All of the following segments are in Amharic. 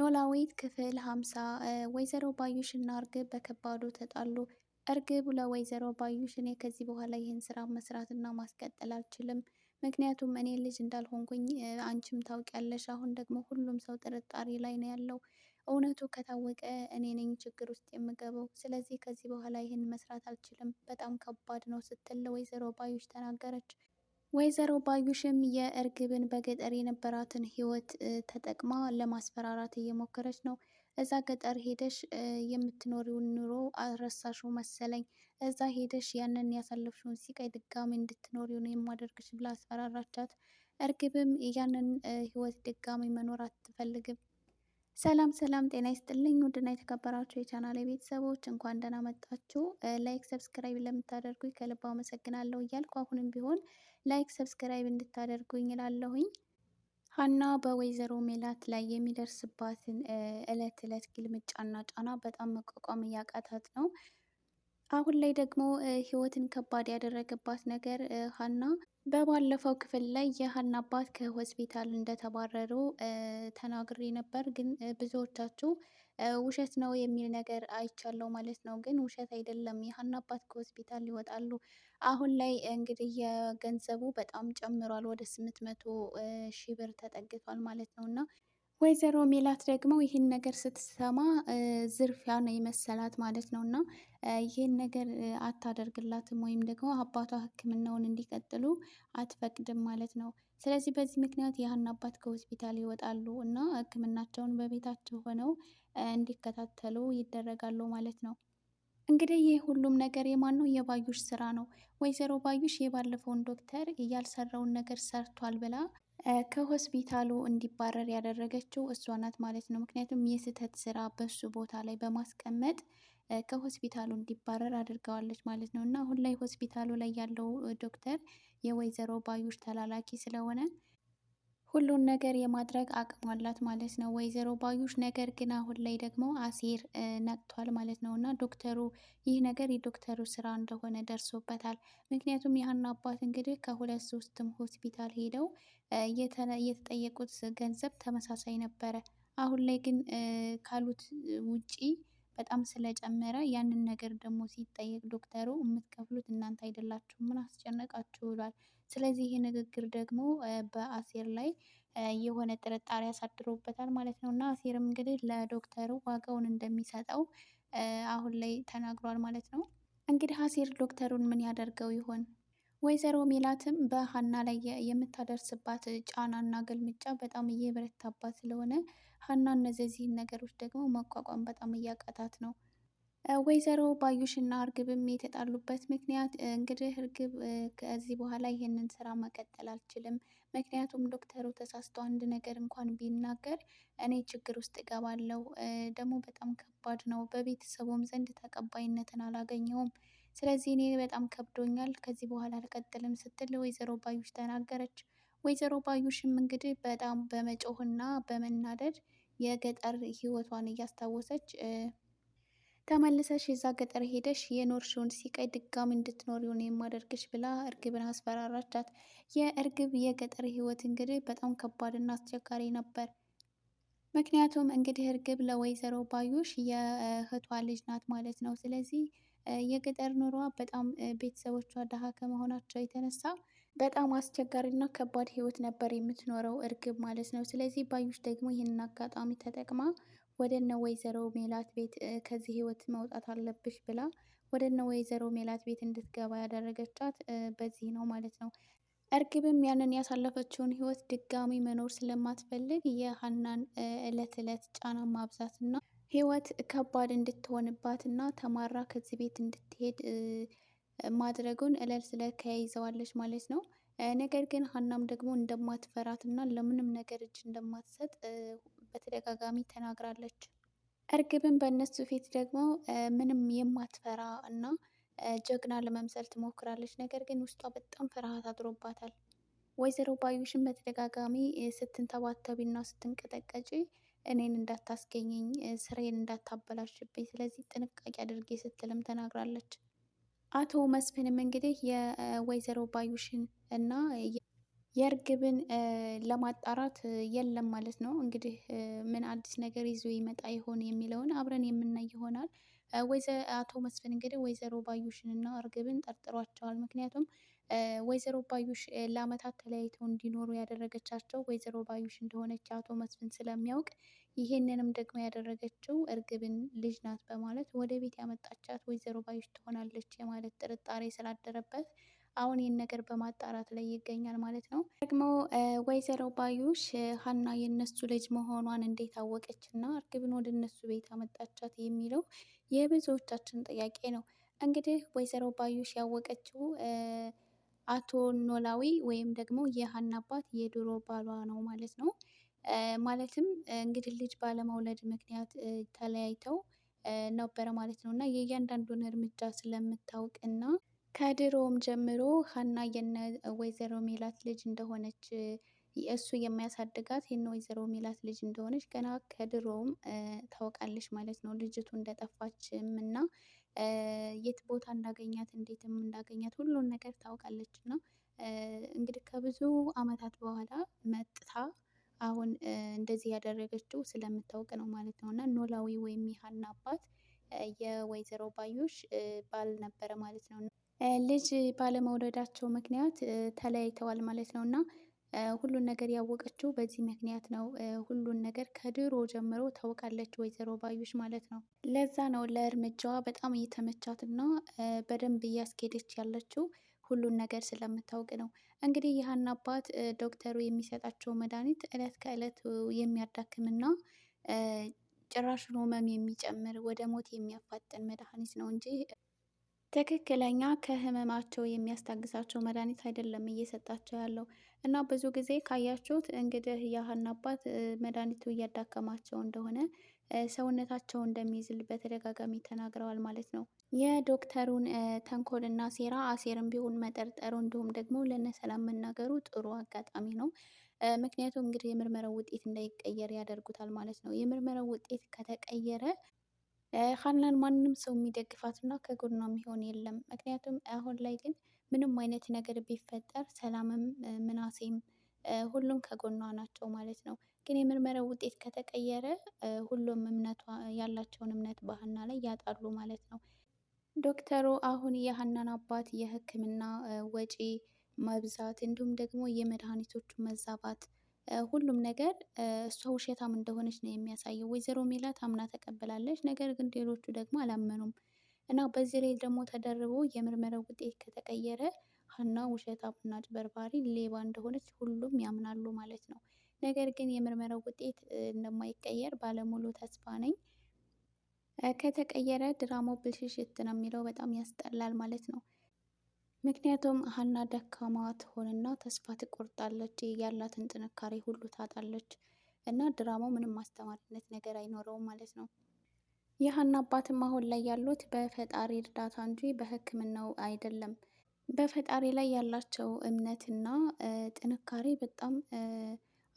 ኖላዊት ክፍል ሀምሳ ወይዘሮ ባዩሽ እና እርግብ በከባዱ ተጣሉ። እርግብ ለወይዘሮ ባዩሽ እኔ ከዚህ በኋላ ይህን ስራ መስራትና ማስቀጠል አልችልም፣ ምክንያቱም እኔ ልጅ እንዳልሆንኩኝ አንቺም ታውቂያለሽ። አሁን ደግሞ ሁሉም ሰው ጥርጣሬ ላይ ነው ያለው። እውነቱ ከታወቀ እኔ ነኝ ችግር ውስጥ የምገበው ስለዚህ ከዚህ በኋላ ይህን መስራት አልችልም፣ በጣም ከባድ ነው ስትል ለወይዘሮ ባዩሽ ተናገረች። ወይዘሮ ባዩሽም የእርግብን በገጠር የነበራትን ህይወት ተጠቅማ ለማስፈራራት እየሞከረች ነው። እዛ ገጠር ሄደሽ የምትኖሪውን ኑሮ አረሳሹ መሰለኝ፣ እዛ ሄደሽ ያንን ያሳለፍሽውን ሲቃይ ድጋሚ እንድትኖሪው ነው የማደርግሽ ብላ አስፈራራቻት። እርግብም ያንን ህይወት ድጋሚ መኖር አትፈልግም። ሰላም ሰላም፣ ጤና ይስጥልኝ ውድና የተከበራችሁ የቻናል ቤተሰቦች እንኳን ደህና መጣችሁ። ላይክ፣ ሰብስክራይብ ለምታደርጉ ከልብ አመሰግናለሁ እያልኩ አሁንም ቢሆን ላይክ፣ ሰብስክራይብ እንድታደርጉኝ ይላለሁኝ ሀና በወይዘሮ ሜላት ላይ የሚደርስባትን እለት እለት ግልምጫና ጫና በጣም መቋቋም እያቃታት ነው። አሁን ላይ ደግሞ ህይወትን ከባድ ያደረገባት ነገር ሀና በባለፈው ክፍል ላይ የሀና አባት ከሆስፒታል እንደተባረሩ ተናግሬ ነበር፣ ግን ብዙዎቻችሁ ውሸት ነው የሚል ነገር አይቻለው ማለት ነው። ግን ውሸት አይደለም። የሀና አባት ከሆስፒታል ይወጣሉ። አሁን ላይ እንግዲህ የገንዘቡ በጣም ጨምሯል። ወደ ስምንት መቶ ሺህ ብር ተጠግቷል ማለት ነው እና ወይዘሮ ሜላት ደግሞ ይህን ነገር ስትሰማ ዝርፊያ ነው የመሰላት ማለት ነው እና ይህን ነገር አታደርግላትም ወይም ደግሞ አባቷ ሕክምናውን እንዲቀጥሉ አትፈቅድም ማለት ነው። ስለዚህ በዚህ ምክንያት የሀና አባት ከሆስፒታል ይወጣሉ እና ሕክምናቸውን በቤታቸው ሆነው እንዲከታተሉ ይደረጋሉ ማለት ነው። እንግዲህ ይህ ሁሉም ነገር የማን ነው? የባዩሽ ስራ ነው። ወይዘሮ ባዩሽ የባለፈውን ዶክተር ያልሰራውን ነገር ሰርቷል ብላ ከሆስፒታሉ እንዲባረር ያደረገችው እሷ ናት ማለት ነው። ምክንያቱም የስህተት ስራ በሱ ቦታ ላይ በማስቀመጥ ከሆስፒታሉ እንዲባረር አድርገዋለች ማለት ነው። እና አሁን ላይ ሆስፒታሉ ላይ ያለው ዶክተር የወይዘሮ ባዩሽ ተላላኪ ስለሆነ ሁሉን ነገር የማድረግ አቅም አላት ማለት ነው ወይዘሮ ባዩሽ። ነገር ግን አሁን ላይ ደግሞ አሴር ነቅቷል ማለት ነው እና ዶክተሩ ይህ ነገር የዶክተሩ ስራ እንደሆነ ደርሶበታል። ምክንያቱም ያህን አባት እንግዲህ ከሁለት ሶስትም ሆስፒታል ሄደው የተጠየቁት ገንዘብ ተመሳሳይ ነበረ። አሁን ላይ ግን ካሉት ውጪ በጣም ስለጨመረ ያንን ነገር ደግሞ ሲጠየቅ ዶክተሩ የምትከፍሉት እናንተ አይደላችሁ ምን አስጨነቃችሁ ብሏል። ስለዚህ ይህ ንግግር ደግሞ በአሴር ላይ የሆነ ጥርጣሬ አሳድሮበታል ማለት ነው። እና አሴርም እንግዲህ ለዶክተሩ ዋጋውን እንደሚሰጠው አሁን ላይ ተናግሯል ማለት ነው። እንግዲህ አሴር ዶክተሩን ምን ያደርገው ይሆን? ወይዘሮ ሜላትም በሀና ላይ የምታደርስባት ጫናና ገልምጫ በጣም እየበረታባት ስለሆነ ሀና እነዚህን ነገሮች ደግሞ መቋቋም በጣም እያቃታት ነው። ወይዘሮ እና እርግብም የተጣሉበት ምክንያት እንግዲህ እርግብ ከዚህ በኋላ ይህንን ስራ መቀጠል አልችልም፣ ምክንያቱም ዶክተሩ ተሳስቶ አንድ ነገር እንኳን ቢናገር እኔ ችግር ውስጥ እገባለሁ፣ ደግሞ በጣም ከባድ ነው፣ በቤተሰቡም ዘንድ ተቀባይነትን አላገኘውም ስለዚህ እኔ በጣም ከብዶኛል ከዚህ በኋላ አልቀጥልም ስትል ወይዘሮ ባዩሽ ተናገረች። ወይዘሮ ባዩሽም እንግዲህ በጣም በመጮህና በመናደድ የገጠር ህይወቷን እያስታወሰች ተመልሰሽ የዛ ገጠር ሄደሽ የኖርሽውን ሲቀይ ድጋሚ እንድትኖሪውን የማደርግሽ ብላ እርግብን አስፈራራቻት። የእርግብ የገጠር ህይወት እንግዲህ በጣም ከባድና አስቸጋሪ ነበር። ምክንያቱም እንግዲህ እርግብ ለወይዘሮ ባዩሽ የእህቷ ልጅ ናት ማለት ነው። ስለዚህ የገጠር ኑሯ በጣም ቤተሰቦቿ ድሃ ከመሆናቸው የተነሳ በጣም አስቸጋሪና ከባድ ህይወት ነበር የምትኖረው እርግብ ማለት ነው። ስለዚህ ባዩሽ ደግሞ ይህንን አጋጣሚ ተጠቅማ ወደነ ወይዘሮ ሜላት ቤት ከዚህ ህይወት መውጣት አለብሽ ብላ ወደነ ወይዘሮ ሜላት ቤት እንድትገባ ያደረገቻት በዚህ ነው ማለት ነው። እርግብም ያንን ያሳለፈችውን ህይወት ድጋሚ መኖር ስለማትፈልግ የሀናን እለት እለት ጫና ማብዛትና ህይወት ከባድ እንድትሆንባት እና ተማራ ከዚህ ቤት እንድትሄድ ማድረጉን እለል ስለ ማለት ነው። ነገር ግን ሀናም ደግሞ እንደማትፈራት እና ለምንም ነገር እጅ እንደማትሰጥ በተደጋጋሚ ተናግራለች። እርግብን በእነሱ ፊት ደግሞ ምንም የማትፈራ እና ጀግና ለመምሰል ትሞክራለች። ነገር ግን ውስጧ በጣም ፍርሃት አድሮባታል። ወይዘሮ ባዩሽን በተደጋጋሚ ስትንተባተቢና ስትንቀጠቀጪ እኔን እንዳታስገኘኝ፣ ስሬን እንዳታበላሽብኝ፣ ስለዚህ ጥንቃቄ አድርጌ ስትልም ተናግራለች። አቶ መስፍንም እንግዲህ የወይዘሮ ባዩሽን እና የእርግብን ለማጣራት የለም ማለት ነው። እንግዲህ ምን አዲስ ነገር ይዞ ይመጣ ይሆን የሚለውን አብረን የምናይ ይሆናል። አቶ መስፍን እንግዲህ ወይዘሮ ባዩሽን እና እርግብን ጠርጥሯቸዋል። ምክንያቱም ወይዘሮ ባዩሽ ለአመታት ተለያይተው እንዲኖሩ ያደረገቻቸው ወይዘሮ ባዩሽ እንደሆነች አቶ መስፍን ስለሚያውቅ ይህንንም ደግሞ ያደረገችው እርግብን ልጅ ናት በማለት ወደ ቤት ያመጣቻት ወይዘሮ ባዩሽ ትሆናለች የማለት ጥርጣሬ ስላደረበት አሁን ይህን ነገር በማጣራት ላይ ይገኛል ማለት ነው። ደግሞ ወይዘሮ ባዩሽ ሀና የነሱ ልጅ መሆኗን እንዴት አወቀች እና እርግብን ወደ እነሱ ቤት አመጣቻት የሚለው የብዙዎቻችን ጥያቄ ነው። እንግዲህ ወይዘሮ ባዩሽ ያወቀችው አቶ ኖላዊ ወይም ደግሞ የሀና አባት የድሮ ባሏ ነው ማለት ነው። ማለትም እንግዲህ ልጅ ባለመውለድ ምክንያት ተለያይተው ነበረ ማለት ነው እና የእያንዳንዱን እርምጃ ስለምታውቅ እና ከድሮም ጀምሮ ሀና የነ ወይዘሮ ሜላት ልጅ እንደሆነች እሱ የሚያሳድጋት የነ ወይዘሮ ሜላት ልጅ እንደሆነች ገና ከድሮም ታውቃለች ማለት ነው። ልጅቱ እንደጠፋችም እና የት ቦታ እንዳገኛት እንዴትም እንዳገኛት ሁሉን ነገር ታውቃለች። እና እንግዲህ ከብዙ አመታት በኋላ መጥታ አሁን እንደዚህ ያደረገችው ስለምታውቅ ነው ማለት ነው። እና ኖላዊ ወይም የሀና አባት የወይዘሮ ባዩሽ ባል ነበረ ማለት ነው። ልጅ ባለመውለዳቸው ምክንያት ተለያይተዋል ማለት ነው እና ሁሉን ነገር ያወቀችው በዚህ ምክንያት ነው። ሁሉን ነገር ከድሮ ጀምሮ ታውቃለች ወይዘሮ ባዩሽ ማለት ነው። ለዛ ነው ለእርምጃዋ በጣም እየተመቻትና በደንብ እያስኬደች ያለችው ሁሉን ነገር ስለምታውቅ ነው። እንግዲህ ይህን አባት ዶክተሩ የሚሰጣቸው መድኃኒት እለት ከእለት የሚያዳክምና ጭራሽ ህመም የሚጨምር ወደ ሞት የሚያፋጥን መድኃኒት ነው እንጂ ትክክለኛ ከህመማቸው የሚያስታግሳቸው መድኃኒት አይደለም እየሰጣቸው ያለው እና ብዙ ጊዜ ካያችሁት እንግዲህ የሀና አባት መድኃኒቱ እያዳከማቸው እንደሆነ ሰውነታቸው እንደሚዝል በተደጋጋሚ ተናግረዋል ማለት ነው። የዶክተሩን ተንኮልና ሴራ አሴርም ቢሆን መጠርጠሩ እንዲሁም ደግሞ ለነሰላም መናገሩ ጥሩ አጋጣሚ ነው። ምክንያቱም እንግዲህ የምርመራው ውጤት እንዳይቀየር ያደርጉታል ማለት ነው። የምርመራው ውጤት ከተቀየረ ሀናን ማንም ሰው የሚደግፋትና ከጎኗ የሚሆን የለም። ምክንያቱም አሁን ላይ ግን ምንም አይነት ነገር ቢፈጠር ሰላምም ምናሴም ሁሉም ከጎኗ ናቸው ማለት ነው። ግን የምርመራው ውጤት ከተቀየረ ሁሉም እምነቷ ያላቸውን እምነት በሀና ላይ ያጣሉ ማለት ነው። ዶክተሩ አሁን የሀናን አባት የሕክምና ወጪ መብዛት እንዲሁም ደግሞ የመድኃኒቶቹ መዛባት ሁሉም ነገር እሷ ውሸታም እንደሆነች ነው የሚያሳየው። ወይዘሮ ሜላት አምና ተቀበላለች። ነገር ግን ሌሎቹ ደግሞ አላመኑም እና በዚህ ላይ ደግሞ ተደርቦ የምርመራው ውጤት ከተቀየረ ሀና ውሸታም እና አጭበርባሪ ሌባ እንደሆነች ሁሉም ያምናሉ ማለት ነው። ነገር ግን የምርመራው ውጤት እንደማይቀየር ባለሙሉ ተስፋ ነኝ። ከተቀየረ ድራማው ብልሽሽት ነው የሚለው በጣም ያስጠላል ማለት ነው። ምክንያቱም ሀና ደካማ ትሆንና ተስፋ ትቆርጣለች፣ ያላትን ጥንካሬ ሁሉ ታጣለች እና ድራማው ምንም አስተማሪነት ነገር አይኖረውም ማለት ነው። የሀና አባትም አሁን ላይ ያሉት በፈጣሪ እርዳታ እንጂ በሕክምናው አይደለም። በፈጣሪ ላይ ያላቸው እምነትና ጥንካሬ በጣም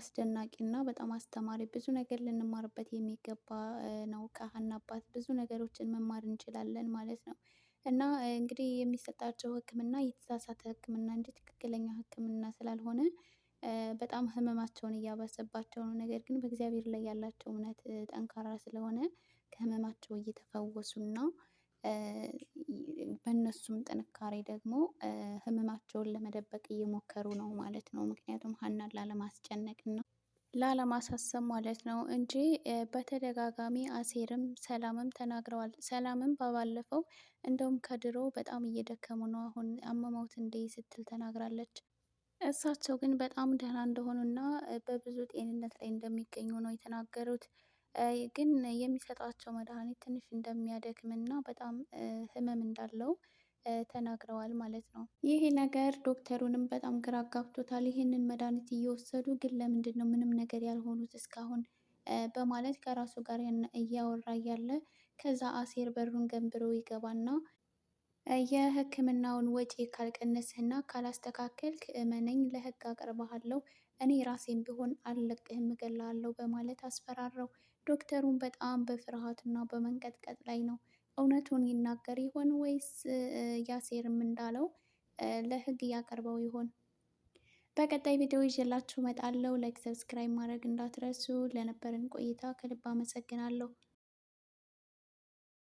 አስደናቂ እና በጣም አስተማሪ ብዙ ነገር ልንማርበት የሚገባ ነው። ከሀና አባት ብዙ ነገሮችን መማር እንችላለን ማለት ነው። እና እንግዲህ የሚሰጣቸው ሕክምና የተሳሳተ ሕክምና እንጂ ትክክለኛ ሕክምና ስላልሆነ በጣም ህመማቸውን እያባሰባቸው ነው። ነገር ግን በእግዚአብሔር ላይ ያላቸው እምነት ጠንካራ ስለሆነ ከህመማቸው እየተፈወሱና በእነሱም ጥንካሬ ደግሞ ህመማቸውን ለመደበቅ እየሞከሩ ነው ማለት ነው። ምክንያቱም ሀናን ላለማስጨነቅ እና ላለማሳሰብ ማለት ነው እንጂ በተደጋጋሚ አሴርም ሰላምም ተናግረዋል። ሰላምም ባባለፈው እንደውም ከድሮ በጣም እየደከሙ ነው አሁን አመመውት እንዴ ስትል ተናግራለች። እሳቸው ግን በጣም ደህና ና በብዙ ጤንነት ላይ እንደሚገኙ ነው የተናገሩት። ግን የሚሰጣቸው መድኃኒት ትንሽ እንደሚያደክምና በጣም ህመም እንዳለው ተናግረዋል ማለት ነው። ይህ ነገር ዶክተሩንም በጣም ግራ አጋብቶታል። ይህንን መድኃኒት እየወሰዱ ግን ለምንድን ነው ምንም ነገር ያልሆኑት እስካሁን በማለት ከራሱ ጋር እያወራ እያለ ከዛ አሴር በሩን ገንብሮ ይገባና የሕክምናውን ወጪ ካልቀነስህና ካላስተካከልክ እመነኝ ለሕግ አቀርብሃለሁ እኔ ራሴም ቢሆን አልለቅህም እገላለሁ በማለት አስፈራረው ዶክተሩን በጣም በፍርሃትና በመንቀጥቀጥ ላይ ነው። እውነቱን ይናገር ይሆን ወይስ ያሴርም እንዳለው ለህግ እያቀርበው ይሆን? በቀጣይ ቪዲዮ ይዤላችሁ እመጣለሁ። ላይክ፣ ሰብስክራይብ ማድረግ እንዳትረሱ። ለነበረን ቆይታ ከልብ አመሰግናለሁ።